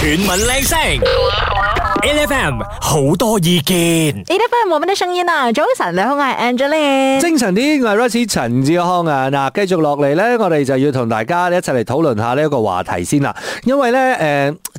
全民靚聲，FM 好多意見，FM 我們的聲音啊！早晨，你好，我係 Angeline。精神啲，我係 Rosie 陳志康啊！嗱，繼續落嚟咧，我哋就要同大家一齊嚟討論下呢一個話題先啦。因為咧，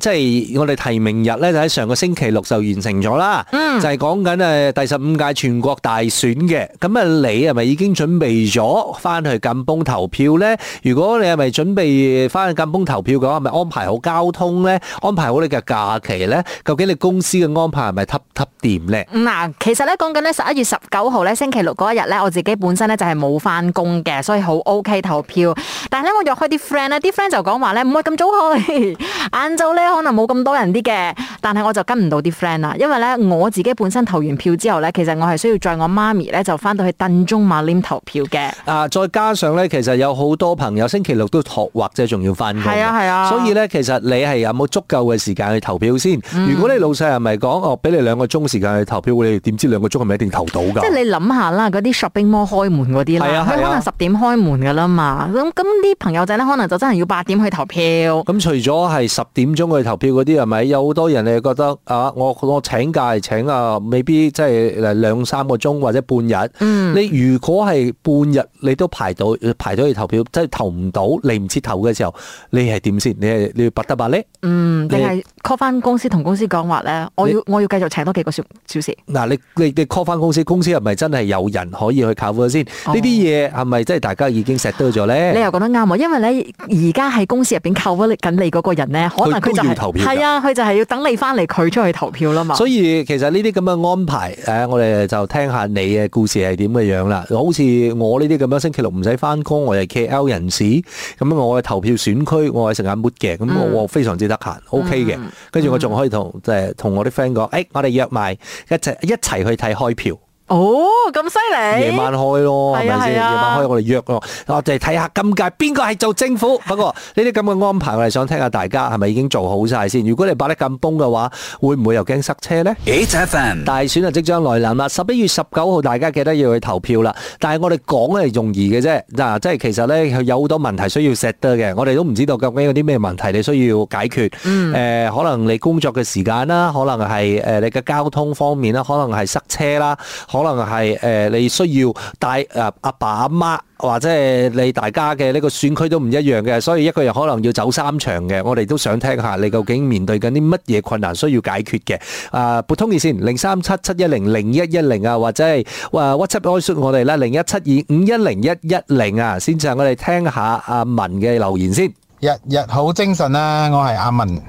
誒，即係我哋提名日咧就喺上個星期六就完成咗啦。嗯，就係講緊誒第十五屆全國大選嘅。咁啊，你係咪已經準備咗翻去甘榜投票咧？如果你係咪準備翻去甘榜投票嘅話，係咪安排好交通咧？安安排好你嘅假期咧？究竟你公司嘅安排係咪揷揷掂咧？嗱、嗯，其實咧講緊咧十一月十九號咧星期六嗰一日咧，我自己本身咧就係冇翻工嘅，所以好 OK 投票。但係我約開啲 friend 咧，啲 friend 就講話唔會咁早去，晏晝咧可能冇咁多人啲嘅。但係我就跟唔到啲 friend 啦，因為咧我自己本身投完票之後咧，其實我係需要在我媽咪咧就翻到去鄧中馬 l 投票嘅。啊，再加上咧，其實有好多朋友星期六都學或者仲要翻工。係啊係啊。所以咧，其實你係有冇足夠嘅時間去投票先。如果你老細又咪係講哦，俾你兩個鐘時，時間去投票，你點知兩個鐘係咪一定投到噶？即係你諗下啦，嗰啲 shopping mall 開門嗰啲啦，佢、嗯、可能十點開門噶啦嘛。咁咁啲朋友仔咧，可能就真係要八點去投票。咁、嗯嗯、除咗係十點鐘去投票嗰啲，係咪有好多人你覺得啊？我我請假係請啊，未必即係兩三個鐘或者半日。你如果係半日你都排到排到去投票，即係投唔到你唔切投嘅時候，你係點先？你係你要白得白咧？嗯。你係 call 翻公司同公司講話咧，我要我要繼續請多幾個小小時。嗱，你你你 call 翻公司，公司係咪真係有人可以去靠咗先？呢啲嘢係咪真係大家已經錫到咗咧？你又講得啱喎，因為咧而家喺公司入面，扣咗緊你嗰個人咧，可能佢、就係、要投票。係啊，佢就係要等你翻嚟佢出去投票啦嘛。所以其實呢啲咁嘅安排，誒、我哋就聽下你嘅故事係點嘅樣啦。好似我呢啲咁樣，星期六唔使翻工，我係 KL 人士，咁我係投票選區，我係成日抹嘅，咁我非常之得閒。嗯 O.K. 嘅，跟住我仲可以同即係同我啲 friend 講，誒、嗯哎，我哋約埋一齊一齊去睇開票。哦，咁犀利！夜晚開咯，係咪先？夜、啊、晚開我哋約咯、啊，我哋睇下今屆邊個係做政府。 不過呢啲咁嘅安排，我哋想聽下大家係咪已經做好晒先。如果你擺得咁崩嘅話，會唔會又驚塞車呢 h F M 大選就即將來臨啦！十一月十九號，大家記得要去投票啦。但係我哋講係容易嘅啫，嗱、啊，即係其實呢，有好多問題需要 set 得嘅。我哋都唔知道究竟有啲咩問題你需要解決、mm. 呃。可能你工作嘅時間啦，可能係你嘅交通方面啦，可能係塞車啦，可能係誒、呃，你需要帶誒阿爸阿媽，或者係你大家嘅呢個選區都唔一樣嘅，所以一個人可能要走三場嘅。我哋都想聽下你究竟面對緊啲乜嘢困難需要解決嘅。啊，撥通熱線零三七七一零零一一零啊，或者係 WhatsApp 我哋啦，零一七二五一零一一零啊，先至係我哋、啊、聽下阿、啊、文嘅留言先。日日好精神啊！我係阿文，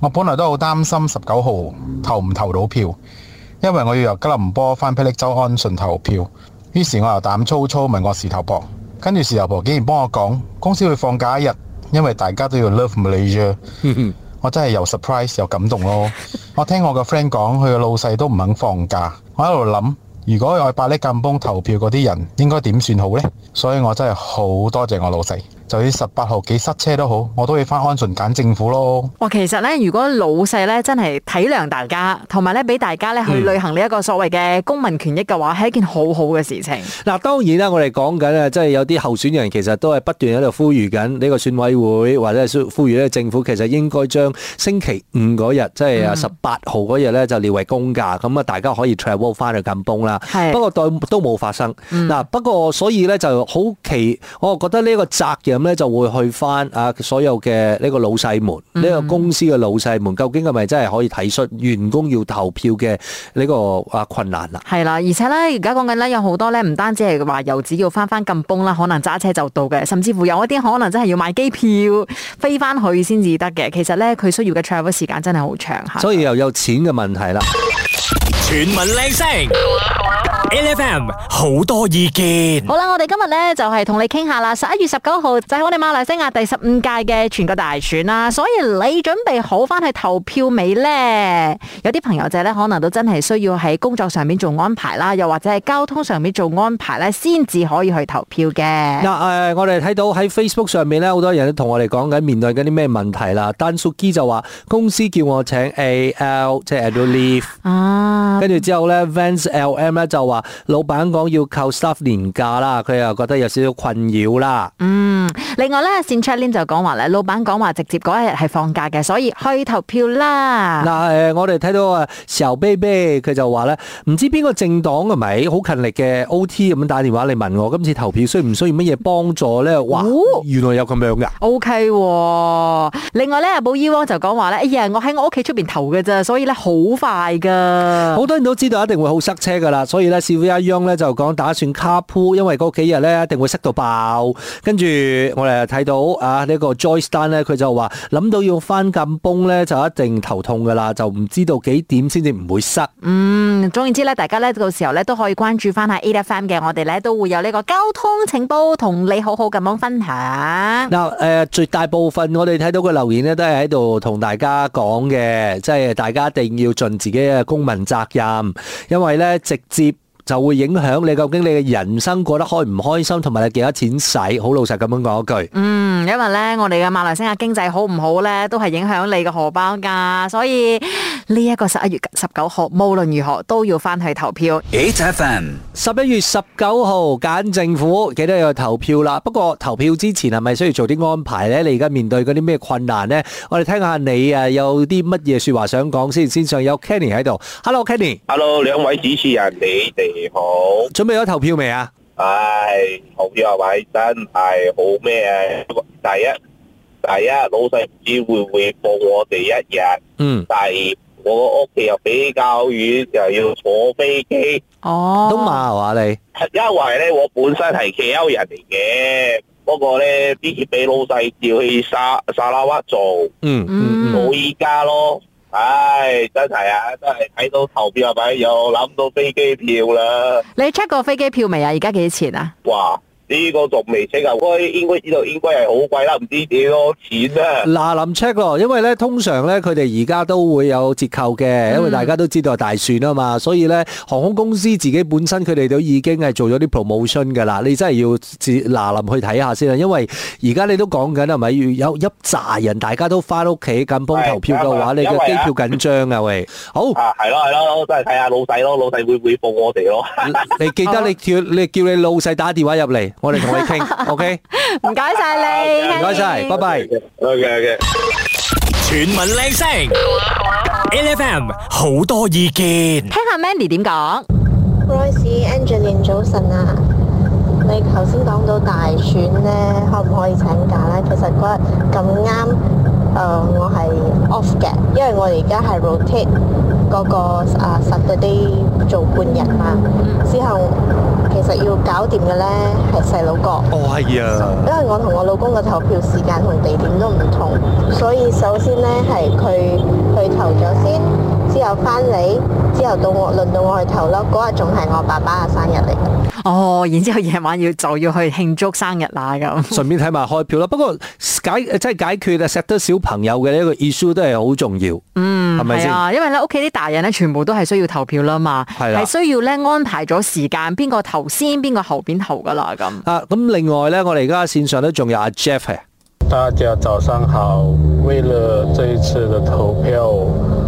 我本來都好擔心十九號投唔投到票。因為我要由吉隆坡返霹靂州安順投票，於是我又膽粗粗問我事頭婆，跟住事頭婆竟然幫我講公司會放假一日，因為大家都要 Love Malaysia。 我真係又 surprise 又感動咯！我聽我個 friend 講，佢個老細都唔肯放假。我喺度諗，如果去百呢金崩投票嗰啲人應該點算好呢？所以我真係好多謝我老細。就算十八號幾塞車都好，我都要翻安順揀政府咯。哇，其實咧，如果老細咧真係體諒大家，同埋咧俾大家咧去履行呢一個所謂嘅公民權益嘅話，係一件好好嘅事情。嗱，當然啦，我哋講緊啊，即係有啲候選人其實都係不斷喺度呼籲緊呢個選委會，或者呼籲呢個政府，其實應該將星期五嗰日，即係啊十八號嗰日咧，就列為公假，咁啊大家可以 travel 翻去 kampung 啦。係。不過代都冇發生。嗯。嗱，不過所以咧就好奇，我覺得呢個責任。咁咧就會去翻啊，所有嘅呢個老細們，呢、呢個公司嘅老細們、嗯、究竟係咪真係可以體恤員工要投票嘅呢個啊困難啦，係啦，而且咧而家講緊咧，有好多咧唔單止係話遊子要翻翻咁崩啦，可能揸車就到嘅，甚至乎有一啲可能真係要買機票飛翻去先至得嘅。其實咧佢需要嘅 travel 時間真係好長吓，所以又有錢嘅問題啦。全民靚聲。LFM 好多意見。好啦，我哋今日咧就係同你傾下啦。十一月十九號就係我哋馬來西亞第十五屆嘅全國大選啦。所以你準備好翻去投票未呢？有啲朋友仔咧可能都真係需要喺工作上面做安排啦，又或者係交通上面做安排咧，先至可以去投票嘅。嗱，誒，我哋睇到喺 Facebook 上面咧，好多人都同我哋講緊面對緊啲咩問題啦。Dan Suki 就話公司叫我請 AL，即係 annual leave 啊。跟住之後咧 Vance LM 咧就話。老闆講要扣 staff 年假啦，佢又覺得有少少困擾啦。嗯，另外咧，線 Chalin 就講話咧，老闆講話直接嗰一日係放假嘅，所以去投票啦。嗱，誒，我哋睇到啊，石油 Baby 佢就話咧，唔知邊個政黨係咪好勤力嘅？O T 咁樣打電話嚟問我，今次投票需唔需要乜嘢幫助咧？哇、哦，原來有咁樣噶。O、okay、K，、哦、另外咧，阿寶 E 王就講話咧，哎呀，我喺我屋企出邊投嘅啫，所以咧好快噶。好多人都知道一定會好塞車噶啦，所以咧。少 V 阿 Young 咧就講打算卡鋪，因為嗰幾日咧一定會塞到爆。跟住我哋睇到啊，呢個 Joyce Dan 咧，佢就話諗到要翻咁崩咧，就一定頭痛噶啦，就唔知道幾點先至唔會塞。嗯，總之咧，大家咧到時候咧都可以關注翻下 a f m 嘅，我哋咧都會有呢個交通情報同你好好咁樣分享。嗱、呃，誒，絕大部分我哋睇到嘅留言咧都係喺度同大家講嘅，即係大家一定要盡自己嘅公民責任，因為咧直接。就會影響你，究竟你嘅人生過得開唔開心，同埋你幾多錢使？好老實咁樣講一句。嗯，因為咧，我哋嘅馬來西亞經濟好唔好咧，都係影響你嘅荷包噶，所以呢一個十一月十九號無論如何都要翻去投票。Eight FM，十一月十九號揀政府，記得要投票啦。不過投票之前係咪需要做啲安排咧？你而家面對嗰啲咩困難咧？我哋聽下你啊，有啲乜嘢說話想講先。線上有 Kenny 喺度，Hello Kenny，Hello 兩位主持人，你哋。你好，準備咗投票未啊？唉、哎，投票、哎、係咪真係好咩？第一，第一老細唔知會唔會放我哋一日。嗯，第二我屋企又比較遠，又要坐飛機。哦，都麻煩、啊、你，因為咧我本身係 KL 人嚟嘅，不過咧必要俾老細調去沙沙拉哇做。嗯嗯嗯，到依家咯。唉，真係啊，真係睇到投票又諗到飛機票啦！你 check 過飛機票未啊？而家幾錢啊？哇！呢個仲未 check，應該應該知道應該係好貴啦，唔知幾多錢啊？嗱，臨 check 咯，因為咧通常咧佢哋而家都會有折扣嘅，因為大家都知道大選啊嘛，所以咧航空公司自己本身佢哋都已經係做咗啲 promotion 噶啦。你真係要至嗱臨去睇下先啦，因為而家你都講緊係咪要有一紮人，大家都翻屋企，咁幫投票嘅話，你嘅機票緊張啊喂！好，係咯係咯，真係睇下老細咯，老細會唔會報我哋咯？你記得你叫你叫你老細打電話入嚟。我哋同你傾，OK？唔該晒你，唔該晒，拜拜。OK OK。全民靚聲，LFM 好多意見，聽下 Mandy 點講。Royce，Angelina 早晨啊，你頭先講到大選咧，可唔可以請假咧？其實覺得咁啱，誒，我係 off 嘅，因為我而家係 rotate，個個啊 Saturday 做半日嘛，之後。實要搞掂嘅呢係細佬哥。哦，係啊，因為我同我老公嘅投票時間同地點都唔同，所以首先呢係佢去投咗先。之後翻嚟，之後到我輪到我去投咯。嗰日仲係我爸爸嘅生日嚟。哦，然之後夜晚要就要去慶祝生日啦，咁 順便睇埋開票啦。不過解即係解決啊，錫得小朋友嘅呢個 issue 都係好重要。嗯，係咪先？因為咧屋企啲大人咧，全部都係需要投票啦嘛。係係、啊、需要咧安排咗時間，邊個投先，邊個後邊投噶啦咁。啊，咁另外咧，我哋而家線上都仲有阿 Jeff。大家早上好，為了這一次嘅投票。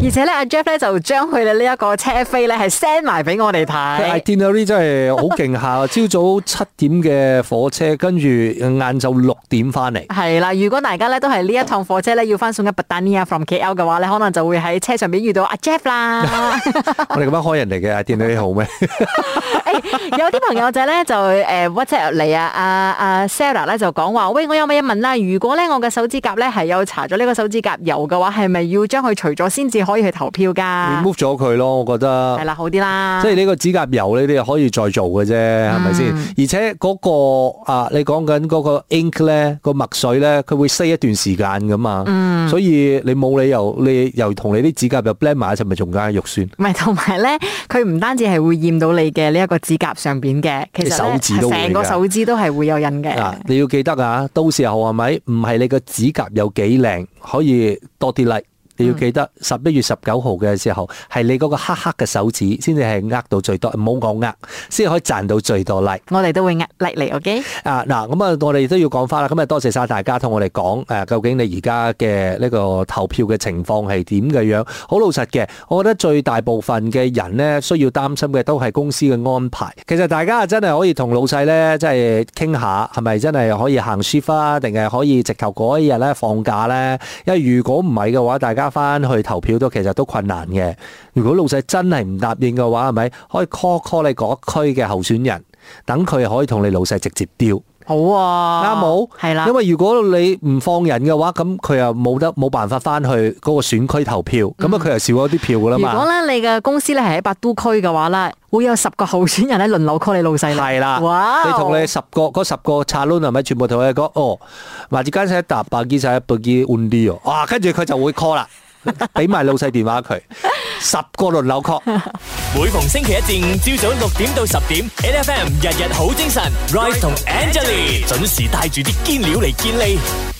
而且咧，阿 Jeff 咧就將佢哋呢一個車飛咧係 send 埋俾我哋睇。佢 itinerary 真係好勁下、啊， 朝早七點嘅火車，跟住晏晝六點翻嚟。係啦，如果大家咧都係呢一趟火車咧要翻 Sungai Petani from KL 嘅話咧，可能就會喺車上邊遇到阿 Jeff 啦。 我哋咁樣開人嚟嘅 itinerary 好咩嗎？誒、 欸，有啲朋友仔咧就誒 WhatsApp 嚟啊，阿阿、呃 uh, uh, Sarah 咧就講話喂，我有乜嘢問啦？如果咧我嘅手指甲咧係有搽咗呢個手指甲油嘅話，係咪要將佢除咗先至？可以去投票噶，move 咗佢咯，我覺得係啦，好啲啦。即係呢個指甲油呢啲，你可以再做嘅啫，係咪先？而且嗰、嗰個啊，你講緊嗰個 ink 咧，個墨水咧，佢會西一段時間噶嘛。嗯，所以你冇理由你又同你啲指甲油 blend 埋一齊，咪仲加肉酸？唔係，同埋咧，佢唔單止係會染到你嘅呢一個指甲上邊嘅，其實手指都成個手指都係會有印嘅。啊，你要記得啊，到時候係咪？唔係你個指甲有幾靚，可以多啲力。你要記得十一月十九號嘅時候，係你嗰個黑黑嘅手指先至係呃到最多，唔好講呃，先可以賺到最多力。我哋都會呃力嚟 OK 啊嗱，咁啊，我哋都要講翻啦。咁啊，多謝晒大家同我哋講誒，究竟你而家嘅呢個投票嘅情況係點嘅樣？好老實嘅，我覺得最大部分嘅人呢，需要擔心嘅都係公司嘅安排。其實大家真係可以同老細呢，即係傾下，係咪真係可以行 shift 定係可以直頭嗰一日呢放假呢？因為如果唔係嘅話，大家翻去投票都其實都困難嘅。如果老細真係唔答應嘅話，係咪可以 call call 你嗰區嘅候選人？等佢可以同你老細直接屌，好啊啱冇係啦。因為如果你唔放人嘅話，咁佢又冇得冇辦法翻去嗰個選區投票，咁啊佢又少咗啲票噶啦嘛。如果咧你嘅公司咧係喺八都區嘅話咧，會有十個候選人咧輪流 call 你老細係啦，wow. 你同你十個嗰十個刷輪係咪全部同佢講？ 哦，或者間晒一沓，百幾十一百幾換啲哦。跟住佢就會 call 啦。 俾 埋老細電話佢， 十個輪扭曲， 每逢星期一至五朝早六點到十點 a F M 日日好精神，Rise 同 Angelie 準時帶住啲堅料嚟堅利。